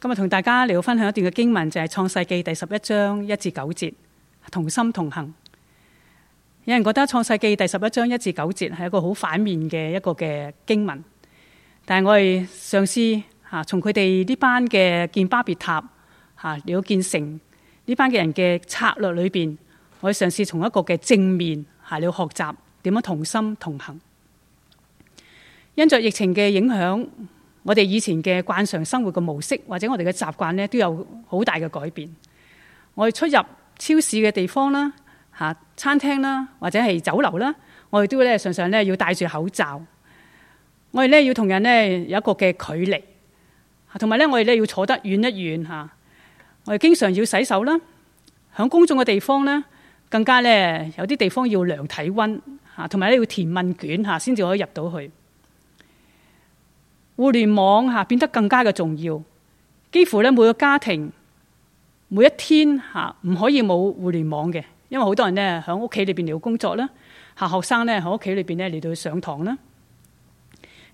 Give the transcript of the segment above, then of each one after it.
今日同大家嚟到分享一段嘅經文，就係創世紀第十一章一至九節，同心同行。有人覺得創世紀第十一章一至九節係一個好反面嘅一個嘅經文，但係我哋嘗試吓從佢哋呢班嘅建巴別塔吓，嚟到建成呢班嘅人嘅策略裏邊，我哋嘗試從一個嘅正面嚟到學習點樣同心同行。因着疫情嘅影響。我哋以前嘅慣常生活嘅模式，或者我哋嘅習慣咧，都有好大嘅改變。我哋出入超市嘅地方啦，嚇餐廳啦，或者係酒樓啦，我哋都咧常常咧要戴住口罩。我哋咧要同人咧有一個嘅距離，同埋咧我哋咧要坐得遠一遠嚇。我哋經常要洗手啦，響公眾嘅地方咧，更加咧有啲地方要量體温嚇，同埋咧要填問卷嚇先至可以入到去。互聯網吓變得更加嘅重要，幾乎咧每個家庭，每一天吓唔可以冇互聯網嘅，因為好多人咧響屋企裏邊嚟到工作啦，吓學生咧響屋企裏邊咧嚟到上堂啦。呢、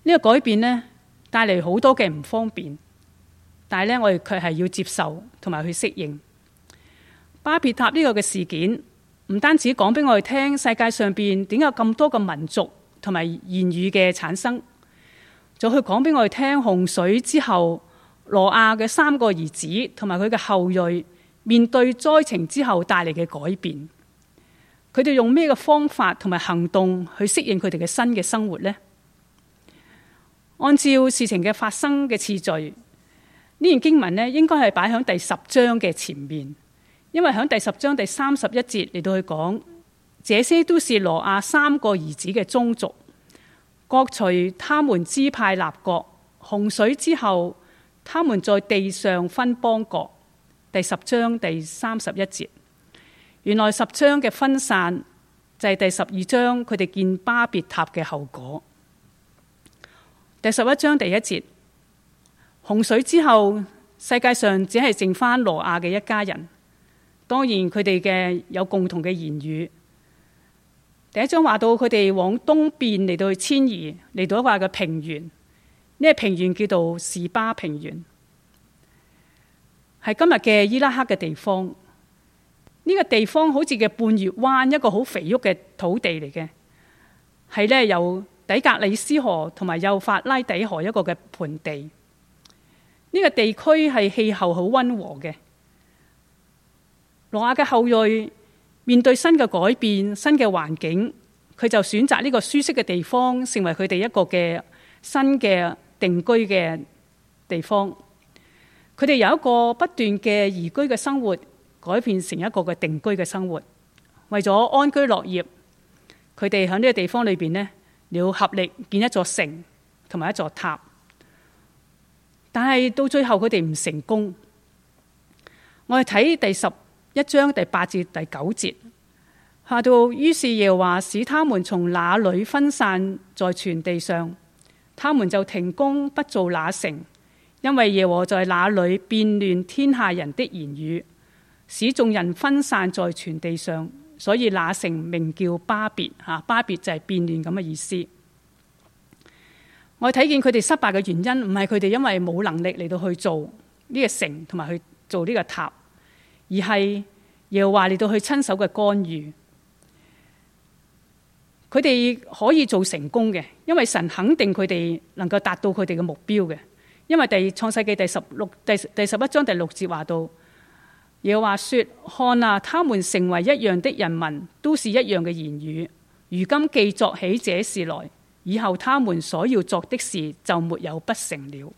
這個改變咧帶嚟好多嘅唔方便，但係咧我哋卻係要接受同埋去適應。巴別塔呢個嘅事件，唔單止講俾我哋聽世界上邊點解咁多嘅民族同埋言語嘅產生。就去講俾我哋聽洪水之後，羅亞嘅三個兒子同埋佢嘅後裔面對災情之後帶嚟嘅改變，佢哋用咩嘅方法同埋行動去適應佢哋嘅新嘅生活呢？按照事情嘅發生嘅次序，呢段經文呢應該係擺喺第十章嘅前面，因為喺第十章第三十一節嚟到去講，這些都是羅亞三個兒子嘅宗族。各除他們支派立國，洪水之後，他們在地上分邦國。第十章第三十一節，原來十章嘅分散就係第十二章佢哋建巴別塔嘅後果。第十一章第一節，洪水之後，世界上只係剩翻挪亞嘅一家人。當然佢哋嘅有共同嘅言語。第一章話到佢哋往東邊嚟到去遷移，嚟到一個嘅平原。呢個平原叫做士巴平原，係今日嘅伊拉克嘅地方。呢個地方好似嘅半月灣，一個好肥沃嘅土地嚟嘅，係咧有底格里斯河同埋幼發拉底河一個嘅盆地。呢個地區係氣候好溫和嘅。羅亞嘅後裔。面對新嘅改變、新嘅環境，佢就選擇呢個舒適嘅地方，成為佢哋一個嘅新嘅定居嘅地方。佢哋由一個不斷嘅移居嘅生活，改變成一個嘅定居嘅生活。為咗安居樂業，佢哋喺呢個地方裏邊呢，要合力建一座城同埋一座塔。但係到最後佢哋唔成功。我哋睇第十。一章第八至第九節，下到於是耶和華使他們從那裏分散在全地上，他們就停工不做那城，因為耶和在那裡變亂天下人的言語，使眾人分散在全地上。所以那城名叫巴別，吓巴別就係變亂咁嘅意思。我睇見佢哋失敗嘅原因，唔係佢哋因為冇能力嚟到去做呢個城，同埋去做呢個塔。而係耶和華嚟到去親手嘅干預，佢哋可以做成功嘅。因為神肯定佢哋能夠達到佢哋嘅目標嘅。因為第創世紀第十六第第十一章第六節話到，耶和華說：看啊，他們成為一樣的人民，都是一樣嘅言語。如今既作起這事來，以後他們所要作的事，就沒有不成了。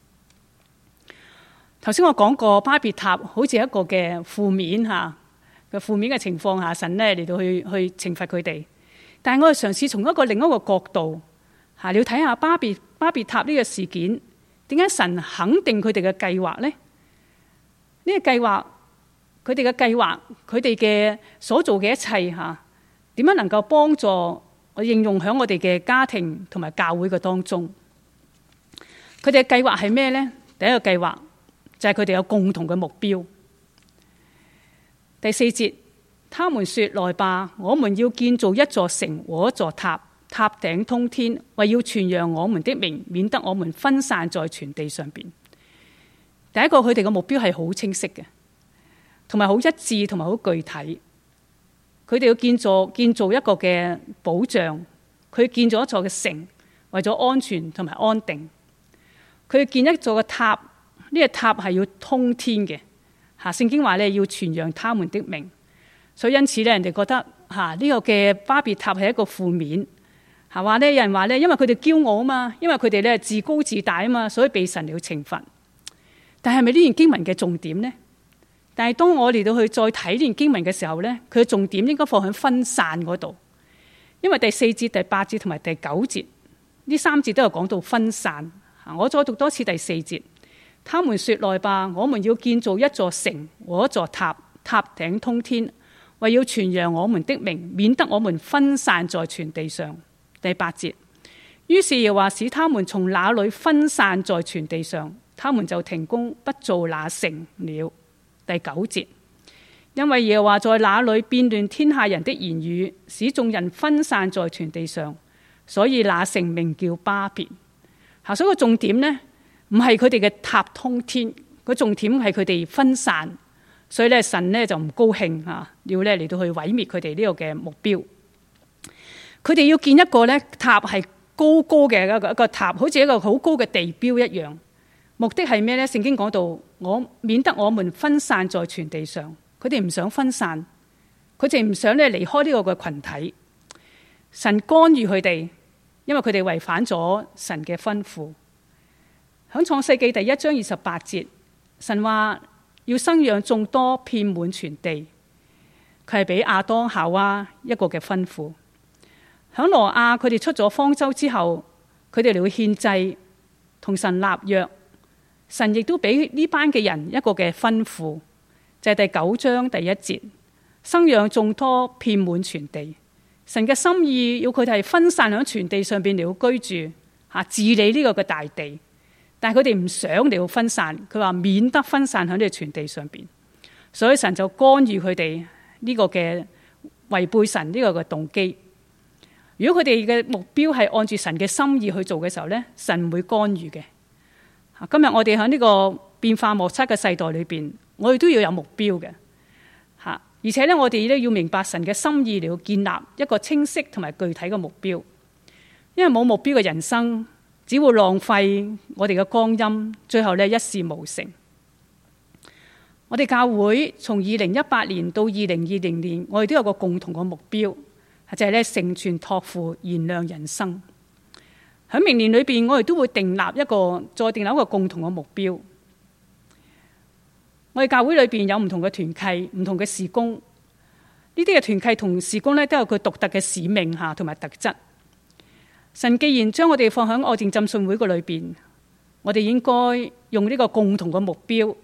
頭先我講過巴別塔好似一個嘅負面吓嘅、啊、負面嘅情況下，神咧嚟到去去懲罰佢哋。但係我哋嘗試從一個另一個角度吓，你、啊、要睇下巴別巴別塔呢個事件，點解神肯定佢哋嘅計劃咧？呢、呢個計劃，佢哋嘅計劃，佢哋嘅所做嘅一切吓，點、啊、樣能夠幫助我應用響我哋嘅家庭同埋教會嘅當中？佢哋嘅計劃係咩咧？第一個計劃。就係佢哋有共同嘅目標。第四節，他們說：來吧，我們要建造一座城和一座塔，塔頂通天，為要傳揚我們的名，免得我們分散在全地上邊。第一個，佢哋嘅目標係好清晰嘅，同埋好一致，同埋好具體。佢哋要建造建造一個嘅保障，佢建造一座嘅城，為咗安全同埋安定。佢要建一座嘅塔。呢、這個塔係要通天嘅。吓，聖經話咧要傳揚他們的名，所以因此咧人哋覺得吓，呢個嘅巴別塔係一個負面吓。話咧有人話咧，因為佢哋驕傲啊嘛，因為佢哋咧自高自大啊嘛，所以被神嚟去懲罰。但係咪呢段經文嘅重點咧？但係當我嚟到去再睇呢段經文嘅時候咧，佢嘅重點應該放喺分散嗰度，因為第四節、第八節同埋第九節呢三節都有講到分散。我再讀多次第四節。他們說，來吧，我們要建造一座城和一座塔，塔頂通天，為要傳揚我們的名，免得我們分散在全地上。第八節。於是耶和華使他們從那裏分散在全地上，他們就停工不造那城了。第九節，因為耶和華在那裏變亂天下人的言語，使眾人分散在全地上，所以那城名叫巴別。下，所以個重點呢？唔係佢哋嘅塔通天，佢重點係佢哋分散，所以咧神咧就唔高興啊，要咧嚟到去毀滅佢哋呢個嘅目標。佢哋要建一個咧塔係高高嘅一個一個塔，好似一個好高嘅地標一樣。目的係咩咧？聖經講到我免得我們分散在全地上，佢哋唔想分散，佢哋唔想咧離開呢個嘅群體。神干預佢哋，因為佢哋違反咗神嘅吩咐。喺創世紀第一章二十八節，神話要生養眾多，遍滿全地。佢係俾亞當、夏娃一個嘅吩咐。響羅亞，佢哋出咗方舟之後，佢哋嚟到獻祭同神立約。神亦都俾呢班嘅人一個嘅吩咐，就係、是、第九章第一節，生養眾多，遍滿全地。神嘅心意要佢哋分散響全地上邊嚟到居住，吓治理呢個嘅大地。但係佢哋唔想嚟到分散，佢話免得分散喺呢個全地上邊，所以神就干預佢哋呢個嘅違背神呢個嘅動機。如果佢哋嘅目標係按住神嘅心意去做嘅時候咧，神唔會干預嘅。今日我哋喺呢個變化莫測嘅世代裏邊，我哋都要有目標嘅。吓，而且咧，我哋咧要明白神嘅心意嚟到建立一個清晰同埋具體嘅目標，因為冇目標嘅人生。只會浪費我哋嘅光陰，最後咧一事無成。我哋教會從二零一八年到二零二零年，我哋都有個共同嘅目標，就係咧成全託付、燃亮人生。喺明年裏邊，我哋都會定立一個再定立一個共同嘅目標。我哋教會裏邊有唔同嘅團契、唔同嘅事工，呢啲嘅團契同事工咧都有佢獨特嘅使命吓，同埋特質。神既然將我哋放喺愛定浸信會嘅裏邊，我哋應該用呢個共同嘅目標，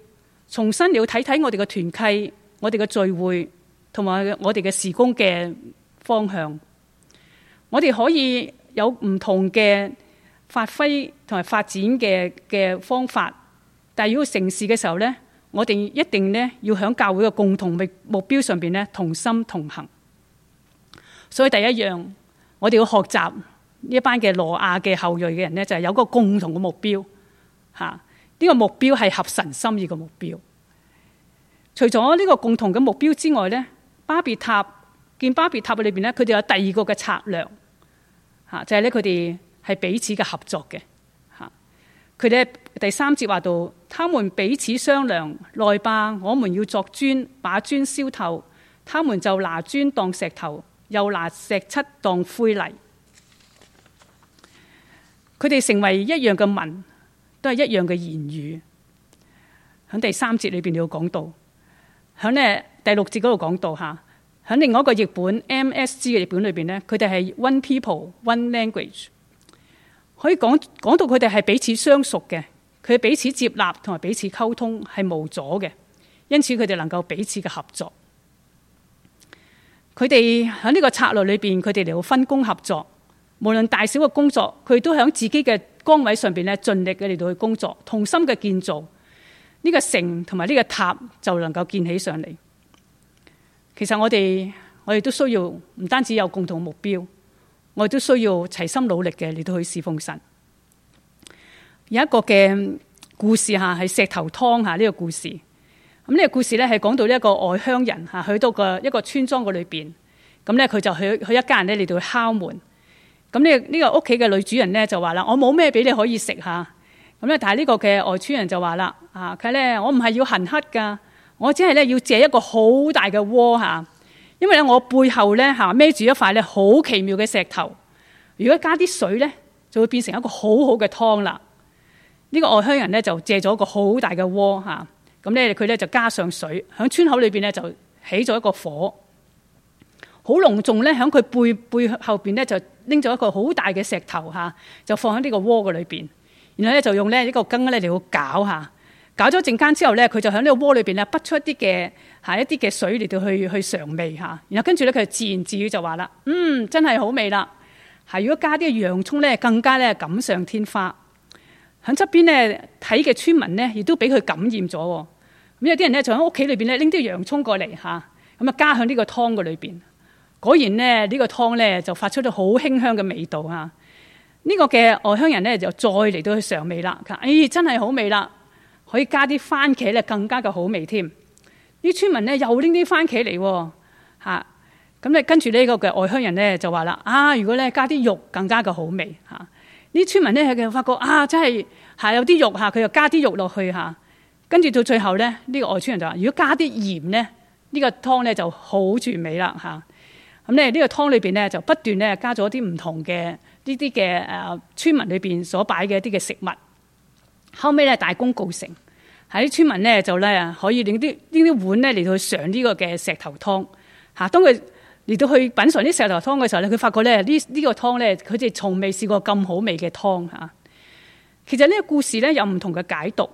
重新要睇睇我哋嘅團契、我哋嘅聚會同埋我哋嘅時工嘅方向。我哋可以有唔同嘅發揮同埋發展嘅嘅方法，但係如果成事嘅時候咧，我哋一定咧要響教會嘅共同目目標上邊咧同心同行。所以第一樣，我哋要學習。呢一班嘅羅亞嘅後裔嘅人咧，就係、是、有一個共同嘅目標，吓、這、呢個目標係合神心意嘅目標。除咗呢個共同嘅目標之外咧，巴別塔見巴別塔嘅裏邊咧，佢哋有第二個嘅策略，吓就係咧佢哋係彼此嘅合作嘅吓。佢哋第三節話到，「他們彼此商量，內巴，我們要作磚，把磚燒透，他們就拿磚當石頭，又拿石漆當灰泥。佢哋成為一樣嘅文，都係一樣嘅言語。喺第三節裏邊，你要講到，喺咧第六節嗰度講到吓，喺另外一個譯本 MSG 嘅譯本裏邊咧，佢哋係 one people，one language。可以講講到佢哋係彼此相熟嘅，佢哋彼此接納同埋彼此溝通係無阻嘅，因此佢哋能夠彼此嘅合作。佢哋喺呢個策略裏邊，佢哋嚟到分工合作。無論大小嘅工作，佢都喺自己嘅崗位上邊咧，盡力嘅嚟到去工作，同心嘅建造呢、這個城同埋呢個塔就能夠建起上嚟。其實我哋我哋都需要唔單止有共同目標，我哋都需要齊心努力嘅嚟到去侍奉神。有一個嘅故事吓，係石頭湯吓呢個故事。咁、這、呢個故事咧係講到一個外鄉人吓，去到個一個村莊嗰裏邊，咁咧佢就去去一家人咧嚟到敲門。咁呢？呢個屋企嘅女主人咧就話啦：，我冇咩俾你可以食嚇。咁咧，但係呢個嘅外村人就話啦：，啊，佢咧，我唔係要行乞噶，我只係咧要借一個好大嘅窩嚇。因為咧，我背後咧嚇孭住一塊咧好奇妙嘅石頭。如果加啲水咧，就會變成一個好好嘅湯啦。呢個外鄉人咧就借咗一個好大嘅窩嚇。咁咧佢咧就加上水，喺村口裏面咧就起咗一個火，好隆重咧，喺佢背背後邊咧就。拎咗一個好大嘅石頭嚇，就放喺呢個鍋嘅裏邊，然後咧就用咧呢個羹咧嚟到攪嚇，攪咗陣間之後咧，佢就喺呢個鍋裏邊咧潑出一啲嘅係一啲嘅水嚟到去去嘗味嚇，然後跟住咧佢就自言自語就話啦：，嗯，真係好味啦！係如果加啲洋葱咧，更加咧錦上添花。喺側邊咧睇嘅村民咧，亦都俾佢感染咗。咁有啲人咧就喺屋企裏邊咧拎啲洋葱過嚟嚇，咁啊加喺呢個湯嘅裏邊。果然咧，呢、這個湯咧就發出咗好馨香嘅味道啊！呢、這個嘅外鄉人咧就再嚟到去嘗味啦。佢話：，哎，真係好味啦！可以加啲番茄咧，更加嘅好味添。啲村民咧又拎啲番茄嚟吓，咁、啊、咧跟住呢個嘅外鄉人咧就話啦：，啊，如果咧加啲肉更加嘅好味嚇。啲、啊、村民咧佢發覺啊，真係係、啊、有啲肉嚇，佢又加啲肉落去嚇、啊。跟住到最後咧，呢、這個外村人就話：，如果加啲鹽咧，呢、這個湯咧就好住味啦嚇。啊。咁咧呢個湯裏邊咧就不斷咧加咗啲唔同嘅呢啲嘅誒村民裏邊所擺嘅一啲嘅食物，後尾咧大功告成，喺啲村民咧就咧可以攞啲呢啲碗咧嚟到嚐呢個嘅石頭湯嚇。當佢嚟到去品嚐啲石頭湯嘅時候咧，佢發覺咧呢呢個湯咧佢哋從未試過咁好味嘅湯嚇。其實呢個故事咧有唔同嘅解讀，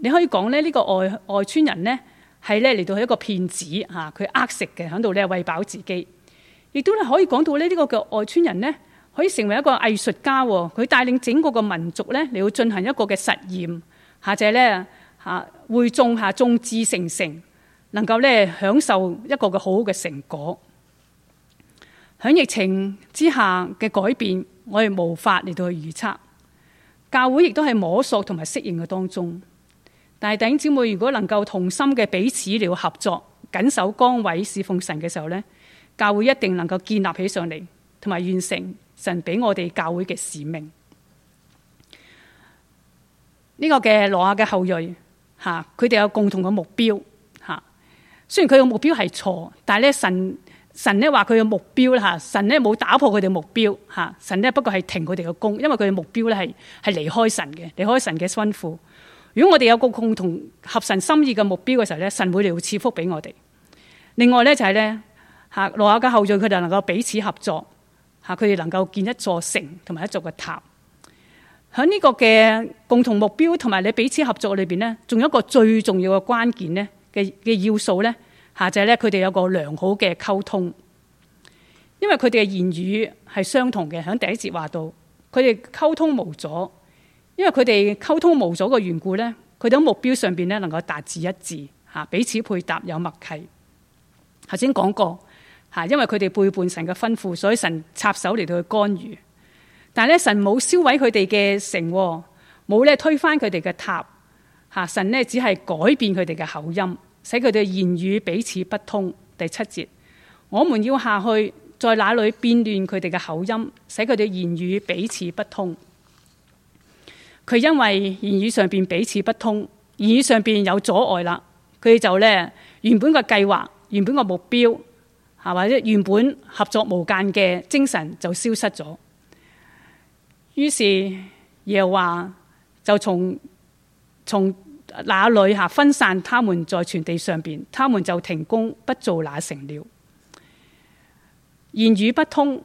你可以講咧呢個外外村人咧係咧嚟到係一個騙子嚇，佢呃食嘅喺度咧餵飽自己。亦都咧可以講到咧呢個嘅外村人呢，可以成為一個藝術家，佢帶領整個嘅民族呢，你要進行一個嘅實驗，下者呢吓會種下眾志成城，能夠呢享受一個嘅好嘅成果。喺疫情之下嘅改變，我哋無法嚟到去預測。教會亦都係摸索同埋適應嘅當中，但係弟兄姊妹如果能夠同心嘅彼此了合作，緊守崗位侍奉神嘅時候呢。教會一定能夠建立起上嚟，同埋完成神俾我哋教會嘅使命。呢、這個嘅羅亞嘅後裔吓，佢哋有共同嘅目標吓。雖然佢嘅目標係錯，但係咧神神咧話佢嘅目標吓，神咧冇打破佢哋嘅目標吓，神咧不過係停佢哋嘅工，因為佢嘅目標咧係係離開神嘅離開神嘅吩咐。如果我哋有個共同合神心意嘅目標嘅時候咧，神會嚟賜福俾我哋。另外咧就係、是、咧。嚇，羅亞嘅後裔佢哋能夠彼此合作，嚇佢哋能夠建一座城同埋一座嘅塔。喺呢個嘅共同目標同埋你彼此合作裏邊咧，仲有一個最重要嘅關鍵咧嘅嘅要素咧，嚇就係咧佢哋有個良好嘅溝通，因為佢哋嘅言語係相同嘅。喺第一節話到，佢哋溝通無阻，因為佢哋溝通無阻嘅緣故咧，佢哋喺目標上邊咧能夠達至一致嚇，彼此配搭有默契。頭先講過。吓，因為佢哋背叛神嘅吩咐，所以神插手嚟到去干預。但係咧，神冇燒毀佢哋嘅城，冇咧推翻佢哋嘅塔。吓，神咧只係改變佢哋嘅口音，使佢哋言語彼此不通。第七節，我們要下去，在那裏變亂佢哋嘅口音，使佢哋言語彼此不通。佢因為言語上邊彼此不通，言語上邊有阻礙啦。佢就咧原本嘅計劃，原本嘅目標。或者原本合作無間嘅精神就消失咗。於是又話，就從從那裏嚇分散他們在全地上邊，他們就停工不做那城了。言語不通，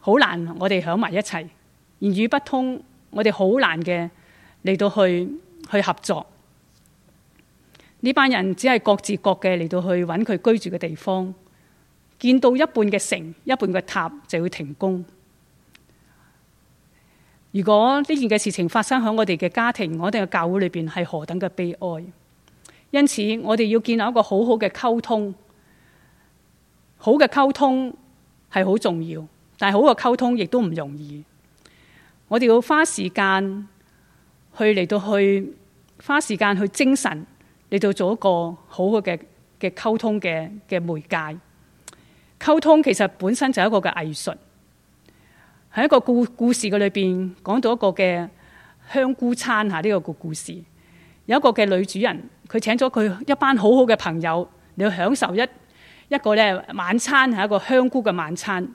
好難我哋響埋一齊。言語不通，我哋好難嘅嚟到去去合作。呢班人只係各自各嘅嚟到去揾佢居住嘅地方。見到一半嘅城，一半嘅塔就要停工。如果呢件嘅事情發生喺我哋嘅家庭，我哋嘅教會裏邊，係何等嘅悲哀。因此，我哋要建立一個好好嘅溝通，好嘅溝通係好重要，但係好嘅溝通亦都唔容易。我哋要花時間去嚟到去花時間去精神嚟到做一個好好嘅嘅溝通嘅嘅媒介。溝通其實本身就係一個嘅藝術。喺一個故故事嘅裏邊講到一個嘅香菇餐，嚇呢個個故事，有一個嘅女主人佢請咗佢一班好好嘅朋友嚟去享受一一個咧晚餐係一個香菇嘅晚餐。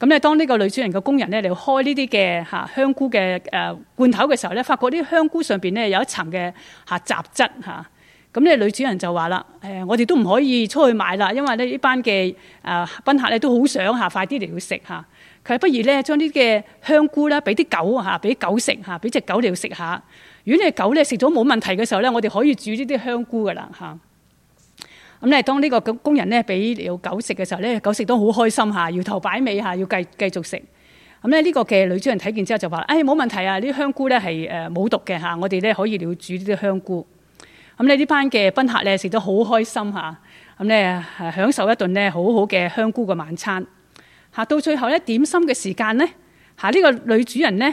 咁咧當呢個女主人嘅工人咧嚟開呢啲嘅嚇香菇嘅誒罐頭嘅時候咧，發覺啲香菇上邊咧有一層嘅嚇雜質嚇。咁咧，女主人就話啦：誒，我哋都唔可以出去買啦，因為咧呢班嘅啊賓客咧都好想嚇，快啲嚟去食嚇。佢話不如咧將呢嘅香菇啦，俾啲狗嚇，俾狗食嚇，俾隻狗嚟去食下。如果呢隻狗咧食咗冇問題嘅時候咧，我哋可以煮呢啲香菇噶啦嚇。咁咧，當呢個工人咧俾狗食嘅時候咧，狗食都好開心嚇，搖頭擺尾嚇，要繼繼續食。咁咧呢個嘅女主人睇見之後就話：哎冇問題啊，呢啲香菇咧係誒冇毒嘅嚇，我哋咧可以嚟去煮呢啲香菇。咁咧，呢班嘅賓客咧食得好開心嚇，咁咧享受一頓咧好好嘅香菇嘅晚餐嚇。到最後咧點心嘅時間咧嚇，呢個女主人咧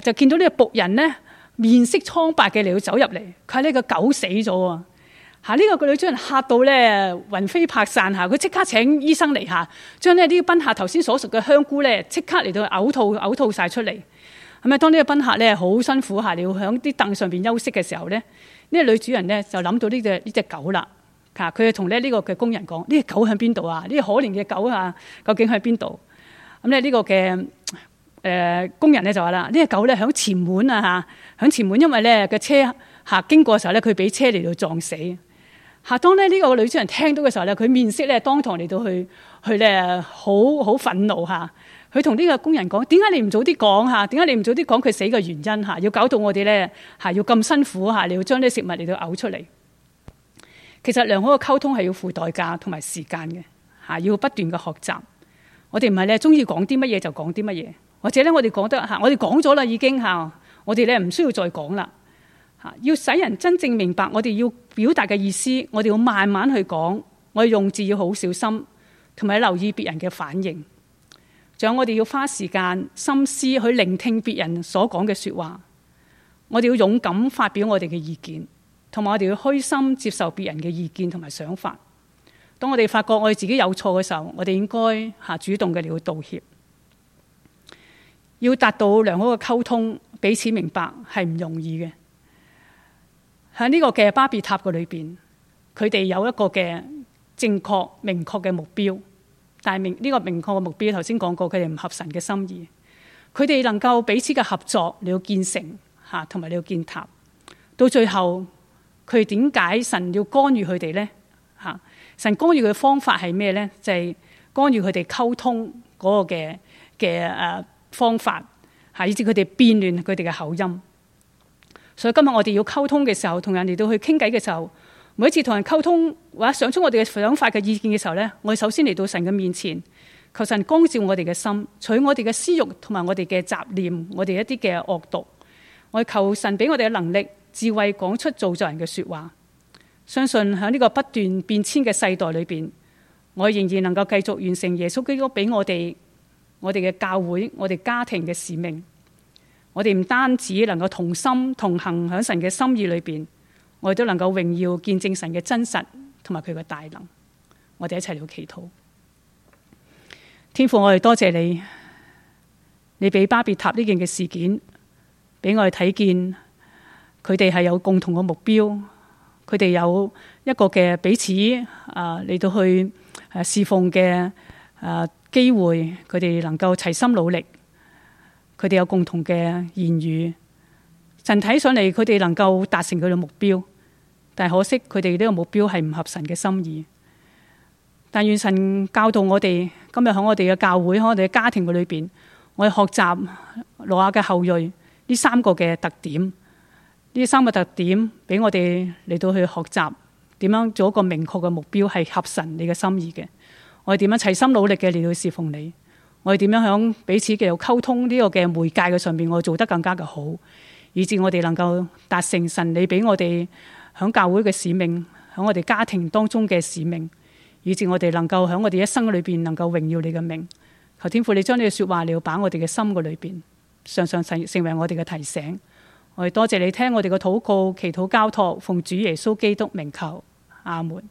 就見到呢個僕人咧面色蒼白嘅嚟到走入嚟，佢話呢個狗死咗喎嚇。呢個女主人嚇到咧雲飛魄散嚇，佢即刻請醫生嚟嚇，將呢啲賓客頭先所食嘅香菇咧即刻嚟到嘔吐嘔吐晒出嚟。咁啊，當呢個賓客咧好辛苦嚇，你要喺啲凳上邊休息嘅時候咧。呢個女主人咧就諗到呢隻呢隻狗啦，佢啊同咧呢個嘅工人講：呢隻狗喺邊度啊？呢隻可憐嘅狗啊，究竟喺邊度？咁咧呢個嘅誒工人咧就話啦：呢隻狗咧響前門啊吓，響前門，因為咧嘅車行經過嘅時候咧，佢俾車嚟到撞死。吓，當咧呢個女主人聽到嘅時候咧，佢面色咧當堂嚟到去，去咧好好憤怒吓。佢同呢個工人講：點解你唔早啲講吓？點解你唔早啲講佢死嘅原因吓？要搞到我哋咧吓，要咁辛苦吓，你要將啲食物嚟到嘔出嚟。其實良好嘅溝通係要付代價同埋時間嘅吓，要不斷嘅學習。我哋唔係咧中意講啲乜嘢就講啲乜嘢，或者咧我哋講得吓，我哋講咗啦已經吓，我哋咧唔需要再講啦吓。要使人真正明白我哋要表達嘅意思，我哋要慢慢去講，我哋用字要好小心，同埋留意別人嘅反應。想我哋要花時間、心思去聆聽別人所講嘅說話，我哋要勇敢發表我哋嘅意見，同埋我哋要虛心接受別人嘅意見同埋想法。當我哋發覺我哋自己有錯嘅時候，我哋應該吓主動嘅嚟，去道歉。要達到良好嘅溝通，彼此明白係唔容易嘅。喺呢個嘅巴比塔嘅裏邊，佢哋有一個嘅正確、明確嘅目標。但明呢個明確嘅目標，頭先講過佢哋唔合神嘅心意。佢哋能夠彼此嘅合作，你要建成嚇，同埋你要建塔。到最後佢點解神要干預佢哋咧嚇？神干預佢嘅方法係咩咧？就係、是、干預佢哋溝通嗰個嘅嘅誒方法嚇，以至佢哋變亂佢哋嘅口音。所以今日我哋要溝通嘅時候，同人哋到去傾偈嘅時候。每一次同人溝通或者想出我哋嘅想法嘅意見嘅時候咧，我哋首先嚟到神嘅面前，求神光照我哋嘅心，取我哋嘅私欲同埋我哋嘅雜念，我哋一啲嘅惡毒。我哋求神俾我哋嘅能力、智慧，講出造就人嘅說話。相信喺呢個不斷變遷嘅世代裏邊，我仍然能夠繼續完成耶穌基督俾我哋、我哋嘅教會、我哋家庭嘅使命。我哋唔單止能夠同心同行喺神嘅心意裏邊。我哋都能夠榮耀見證神嘅真實同埋佢嘅大能，我哋一齊嚟去祈禱。天父，我哋多謝、謝你，你俾巴別塔呢件嘅事件，俾我哋睇見佢哋係有共同嘅目標，佢哋有一個嘅彼此啊嚟到去誒、啊、侍奉嘅誒、啊、機會，佢哋能夠齊心努力，佢哋有共同嘅言語，神睇上嚟佢哋能夠達成佢嘅目標。但係可惜，佢哋呢個目標係唔合神嘅心意。但願神教導我哋今日喺我哋嘅教會，喺我哋嘅家庭裏邊，我哋學習羅亞嘅後裔呢三個嘅特點，呢三個特點俾我哋嚟到去學習點樣做一個明確嘅目標，係合神你嘅心意嘅。我哋點樣齊心努力嘅嚟到侍奉你？我哋點樣響彼此嘅溝通呢個嘅媒介嘅上邊，我哋做得更加嘅好，以至我哋能夠達成神你俾我哋。喺教會嘅使命，喺我哋家庭當中嘅使命，以至我哋能夠喺我哋一生裏邊能夠榮耀你嘅名。求天父，你將呢句說話了，擺我哋嘅心裏邊，常常成成為我哋嘅提醒。我哋多謝你聽我哋嘅禱告，祈禱交託，奉主耶穌基督名求，阿門。